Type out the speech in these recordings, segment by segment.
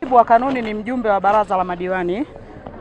Mujibu wa kanuni ni mjumbe wa baraza la madiwani,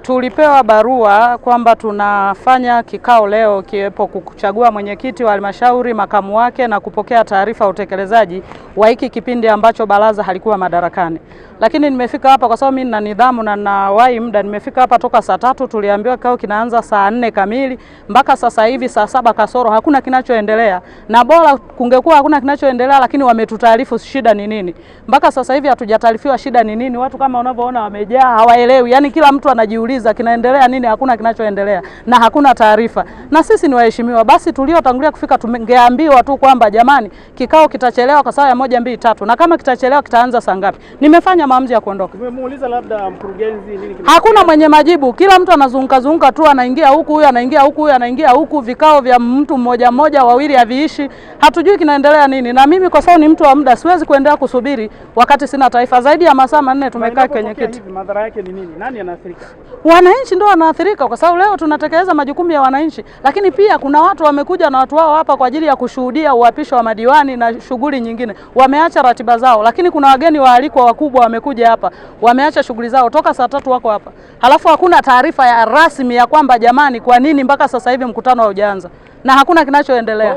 tulipewa barua kwamba tunafanya kikao leo kiwepo kuchagua mwenyekiti wa halmashauri, makamu wake na kupokea taarifa ya utekelezaji wa hiki kipindi ambacho baraza halikuwa madarakani lakini nimefika hapa kwa sababu mimi nina nidhamu na nawahi muda. Nimefika hapa toka saa tatu, tuliambiwa kikao kinaanza saa nne kamili, mpaka sasa hivi saa saba kasoro hakuna kinachoendelea, na bora kungekuwa hakuna kinachoendelea, lakini wametutaarifu shida ni nini. Mpaka sasa hivi hatujataarifiwa shida ni nini. Watu kama unavyoona wamejaa, hawaelewi, yani kila mtu anajiuliza kinaendelea nini, hakuna kinachoendelea na hakuna taarifa. Na sisi ni waheshimiwa, basi tuliotangulia kufika tungeambiwa tu kwamba jamani, kikao kitachelewa kwa saa ya moja mbili tatu, na kama kitachelewa kitaanza saa ngapi. Nimefanya maamuzi ya kuondoka. Umemuuliza labda mkurugenzi nini? Hakuna mwenye majibu, kila mtu anazunguka zunguka tu, anaingia huku huyu anaingia huku huyu anaingia huku, vikao vya mtu mmoja mmoja wawili haviishi, hatujui kinaendelea nini. Na mimi kwa sababu ni mtu wa muda, siwezi kuendelea kusubiri wakati sina taifa. Zaidi ya masaa manne tumekaa kwenye kiti. Madhara yake ni nini? Nani anaathirika? Wananchi ndio wanaathirika, kwa sababu leo tunatekeleza majukumu ya wananchi, lakini pia kuna watu wamekuja na watu wao hapa kwa ajili ya kushuhudia uapisho wa madiwani na shughuli nyingine, wameacha ratiba zao, lakini kuna wageni waalikwa wakubwa wamekuja hapa, wameacha shughuli zao toka saa tatu wako hapa, halafu hakuna taarifa ya rasmi ya kwamba jamani, kwa nini mpaka sasa hivi mkutano haujaanza na hakuna kinachoendelea.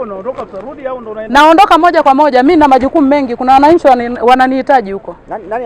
Naondoka moja kwa moja, mi na majukumu mengi, kuna wananchi wananihitaji huko. Nani, nani